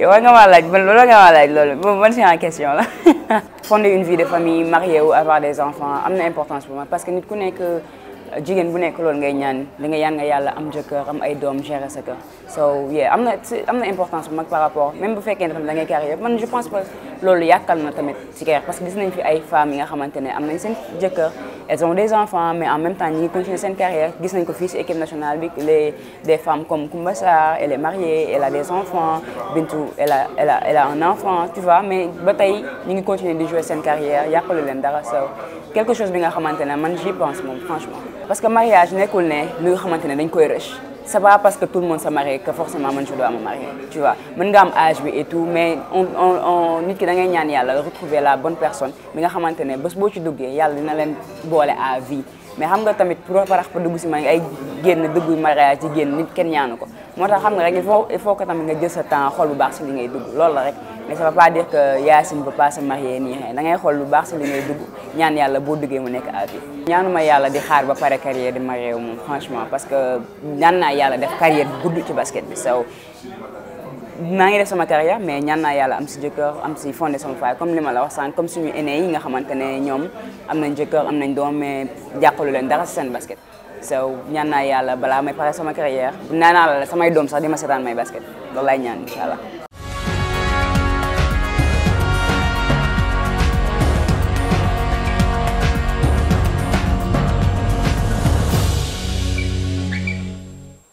yow war nga maa laaj man loolu nga maa laaj man c'est en question là. fonder une vie de famille marier wu avoir des enfants am na importance pour moi parce que nit ku nekk jigéen bu nekk loolu ngay ñaan da nga yaan nga yàlla am jëkkër am ay doom gérer sa kër. so yeah am na am na importance bu mag par rapport même bu fekkee ne tamit da ngay carrière man je pense pas, loolu yàkkal na tamit ci carrière parce que gis nañ fi ay femmes yi nga xamante ne am nañ elles ont des enfants mais en même temps elles continuent sa carrière gis nañ des fils de équipe nationale des femmes comme Koumba elle est mariée elle a des enfants Bintou elle a elle a elle a un enfant tu vois mais ba tey continuent de continuer de jouer sa carrière il leen dara quelque chose bi nga xamante ne man j'y pense moi franchement parce que mariage n'est ne lu nga xamante ne dañ koy c'est pas parce que tout le monde se marie que forcément man je dois me marier tu vois mën nga am âge bi et tout mais on on on nit ki da ngay ñaan yàlla retrouver la bonne personne mi nga xamante ne bés boo ci duggee yàlla dina leen boole à vie mais xam nga tamit pour parax fa dugg si ma ay génn dugg mariage ci génn nit kenn ñaanu ko moo tax xam nga rek il faut que tamit nga jël sa temps xool bu baax si li ngay dugg loolu la rek mais ça veut pas que Yacine peut pas se marier nii xëy ngay xool bu baax si li ngay dugg ñaan yàlla boo duggee mu nekk à vie. ñaanuma yàlla di xaar ba pare carrière di marié wu moom franchement parce que ñaan naa yàlla def carrière bu gudd ci basket bi sew maa ngi def sama carrière mais ñaan naa yàlla am si jëkkër am si fondé sama faay comme li ma la wax sànq comme suñu aîné yi nga xamante ne ñoom am nañ jëkkër am nañ doom mais jàqalu leen dara si seen basket so ñaan naa yàlla bala may pare sama carrière bu naa naa la samay doom sax di ma seetaan may basket loolu laay ñaan incha allah